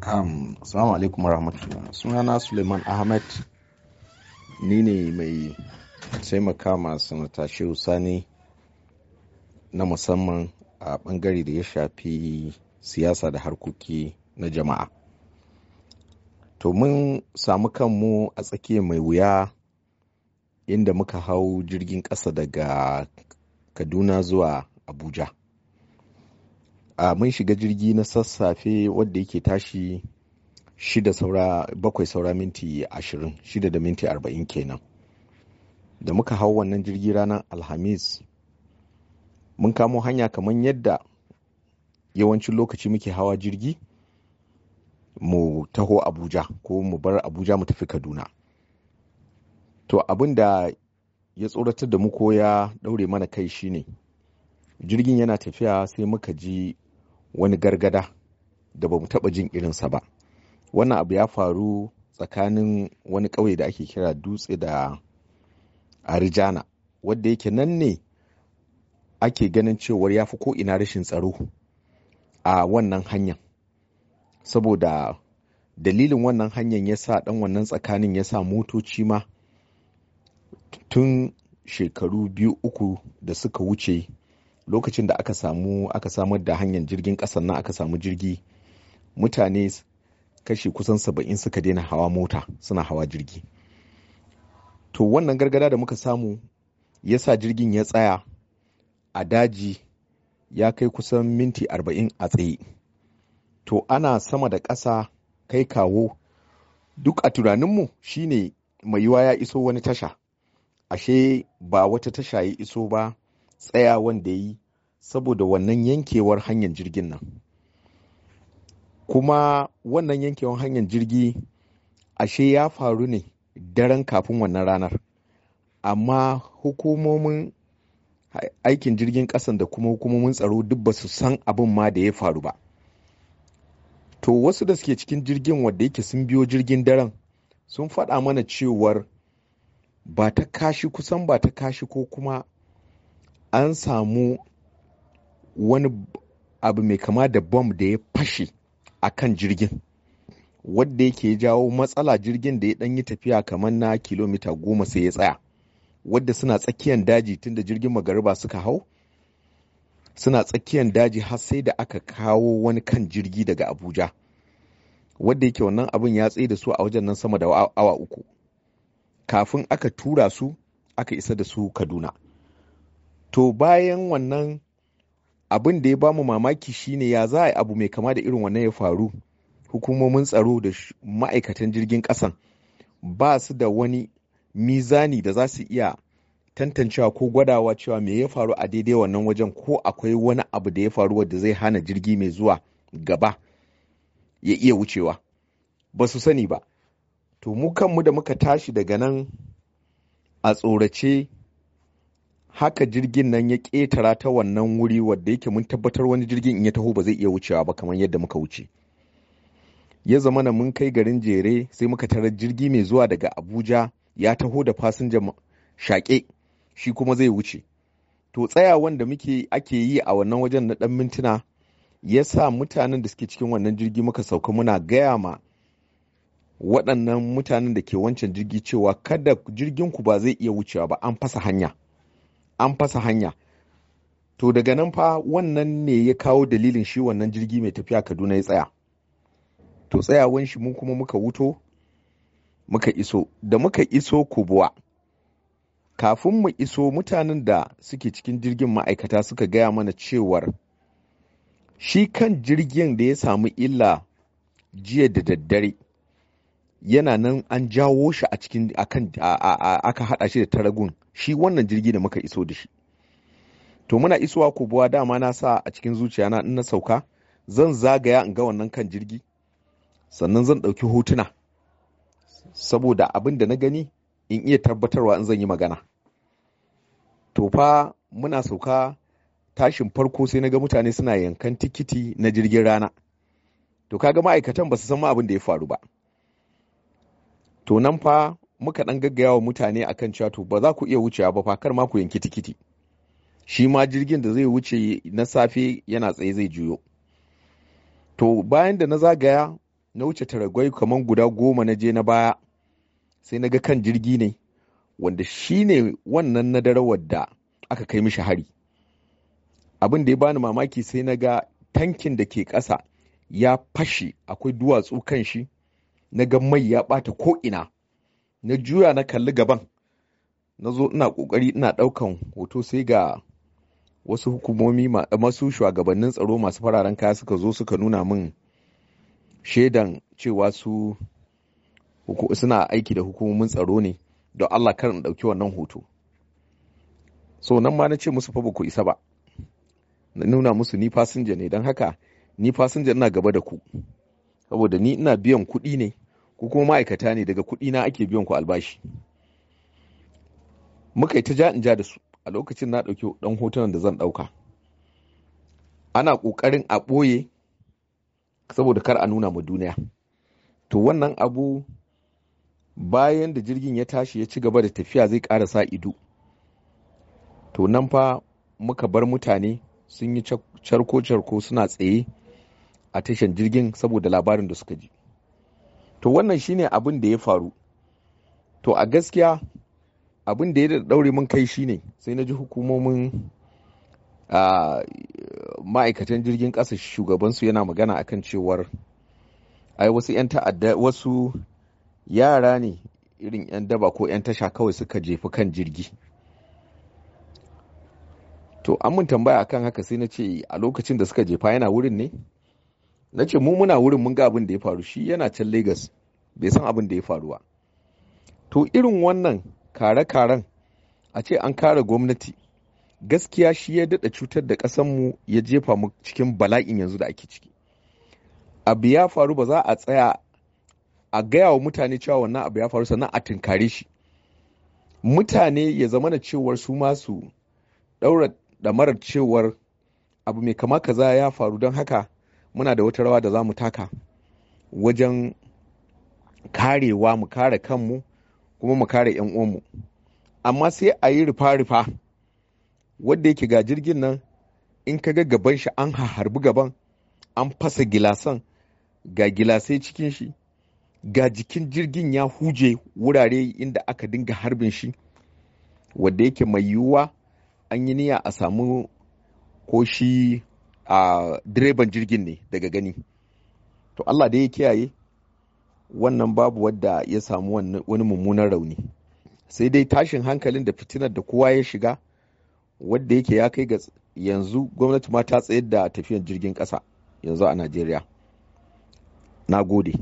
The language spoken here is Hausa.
Assalamu alaikum rahmatullah. Sunana Suleiman Ahmed ni ne mai taimaka ma sanata Shehu Sani na musamman a bangare da ya shafi siyasa da harkoki na jama'a. To mun samu kanmu a tsakiya mai wuya inda muka hau jirgin ƙasa daga Kaduna zuwa Abuja. a mun shiga jirgi na sassafe wadda yake tashi shida saura bakwai saura minti ashirin shida da minti arba'in kenan da muka hau wannan jirgi ranar alhamis mun kamo hanya kamar yadda yawancin lokaci muke hawa jirgi mu taho abuja ko mu bar abuja mu tafi kaduna to abin da ya tsoratar da mu ko ya daure mana kai shine jirgin yana tafiya sai muka ji wani gargada da ba mu taɓa jin irinsa ba wannan abu ya faru tsakanin wani ƙauye da ake kira dutse da arijana wadda yake nan ne ake ganin cewar ya fi ko'ina rashin tsaro a wannan hanyar saboda dalilin wannan hanyar ya sa ɗan wannan tsakanin ya sa motoci ma tun shekaru biyu uku da suka wuce lokacin da aka samu aka samar da hanyar jirgin ƙasa na aka samu jirgi mutane kashi kusan saba'in suka daina hawa mota suna hawa jirgi to wannan gargada da muka samu ya sa jirgin ya tsaya a daji ya kai kusan minti arba'in a tsaye to ana sama da ƙasa kai kawo duk a tunaninmu shine mai yiwa ya iso wani tasha ashe ba wata tasha ya iso ba tsayawan da yi saboda wannan yankewar hanyar jirgin nan kuma wannan yankewar hanyar jirgi ashe ya faru ne daren kafin wannan ranar amma hukumomin aikin jirgin kasan da kuma hukumomin tsaro duk ba su san abin ma da ya faru ba to wasu da suke cikin jirgin wadda yake sun biyo jirgin daren sun faɗa mana cewar ba ta kashi kusan ba ta kashi ko kuma an samu wani abu mai kama da bom da ya fashe a kan jirgin wadda yake jawo matsala jirgin da ya dan yi tafiya kamar na kilomita goma sai ya tsaya wadda suna tsakiyar daji tun da jirgin magariba suka hau suna tsakiyar daji har sai da aka kawo wani kan jirgi daga abuja wadda yake wannan abin ya tsaye da su a wajen nan sama da awa uku kafin aka tura su aka isa da su kaduna to bayan wannan abin da ya bamu mamaki shine ya za a abu mai kama da irin wannan ya faru hukumomin tsaro da ma'aikatan jirgin kasan ba su da wani mizani da za su iya tantancewa ko gwadawa cewa me ya faru a daidai wannan wajen ko akwai wani abu da ya faru wadda zai hana jirgi mai zuwa gaba ya iya wucewa ba su sani ba to mu kanmu da muka tashi daga nan a tsorace haka jirgin nan ya ƙetara ta wannan wuri wadda yake mun tabbatar wani jirgin in ya taho ba zai iya wucewa ba kamar yadda muka wuce ya zama na mun kai garin jere sai muka tarar jirgi mai zuwa daga abuja ya taho da fasinja shaƙe shi kuma zai wuce to tsayawan da muke ake yi a wannan wajen na dan mintuna ya sa mutanen da suke cikin wannan jirgi muka sauka muna gaya ma waɗannan mutanen da ke wancan jirgi cewa kada jirgin ku ba zai iya wucewa ba an fasa hanya an fasa hanya to daga nan fa wannan ne ya kawo dalilin shi wannan jirgi mai tafiya kaduna ya tsaya to tsayawan shi mun kuma muka wuto muka iso da muka iso kubuwa kafin mu iso mutanen da suke cikin jirgin ma'aikata suka gaya mana cewar shi kan jirgin da ya samu illa jiya da daddare yana nan an jawo shi a cikin haɗa aka hada shi da taragun shi wannan jirgi da muka iso da shi to muna isowa buwa dama na sa a cikin zuciya na in na sauka zan zagaya in ga wannan kan jirgi sannan zan ɗauki hotuna saboda abin da na gani in iya tabbatarwa in zan yi magana to fa muna sauka tashin farko sai na ga mutane suna yankan tikiti na jirgin rana to kaga ma'aikatan ba su san abin da ya faru ba to nan fa muka dan gaggaya wa mutane akan cewa to ba za ku iya wucewa ba fakar kar ma ku yanki tikiti shi ma jirgin da zai wuce na safe yana tsaye zai juyo to bayan da na zagaya na wuce taragwai kamar guda goma na je na baya sai na ga kan jirgi ne wanda shi ne wannan na dare wadda aka kai mishi hari abin da ya bani mamaki sai na ga tankin da ke ƙasa ya fashe akwai duwatsu kan shi na ga mai ya ɓata ko'ina na juya na kalli gaban na zo ina kokari ina daukan hoto sai ga wasu hukumomi masu shugabannin tsaro masu fararen kaya suka zo suka nuna min shaidan cewa su suna aiki da hukumomin tsaro ne don Allah kar in dauki wannan hoto so nan ma na ce musu fa ku isa ba na nuna musu ni fasinja ne don haka ni fasinja ina gaba da ku saboda ni ina biyan kuɗi ne ku kuma ma'aikata ne daga kuɗi na ake biyan ku albashi muka yi ta ja in ja da su a lokacin na ɗauki ɗan hotunan da zan ɗauka ana ƙoƙarin a ɓoye saboda kar a nuna ma duniya to wannan abu bayan da jirgin ya tashi ya ci gaba da tafiya zai ƙara sa ido to nan fa muka bar mutane sun yi carko-carko suna tsaye a tashan jirgin saboda labarin da suka ji to wannan shine abin da ya faru to a gaskiya abin da ya daure mun kai shine sai na ji hukumomin ma'aikatan jirgin ƙasa shugabansu yana magana akan cewar ai wasu wasu yara ne irin 'yan daba ko 'yan tasha kawai suka jefi kan jirgi to an mun tambaya akan haka sai na ce a lokacin da suka jefa yana wurin ne na ce mu muna wurin mun ga abin da ya faru shi yana can Legas bai san abin da ya faru ba to irin wannan kare-karen a ce an kare gwamnati gaskiya shi ya daɗa cutar da ƙasanmu ya jefa mu cikin bala'in yanzu da ake ciki abu ya faru ba za a tsaya a gaya wa mutane cewa wannan abu ya faru sannan a tunkare shi mutane ya zama na cewar su masu ɗaura marar cewar abu mai kama kaza ya faru don haka muna da wata rawa da za mu taka wajen karewa mu kare kanmu kuma mu kare 'yan uwanmu amma sai a yi rufa-rufa wadda yake ga jirgin nan in ka ga gaban shi an harbi gaban an fasa gilasan ga gilasai cikin shi ga jikin jirgin ya huje wurare inda aka dinga harbin shi wadda yake mai yiwuwa an yi niyya a samu ko shi a direban jirgin ne daga gani to Allah da ya kiyaye wannan babu wadda ya samu wani mummunan rauni sai dai tashin hankalin da fitinar da kowa ya shiga wadda yake ya kai ga yanzu gwamnati ma ta tsayar da tafiyan jirgin ƙasa yanzu a najeriya na gode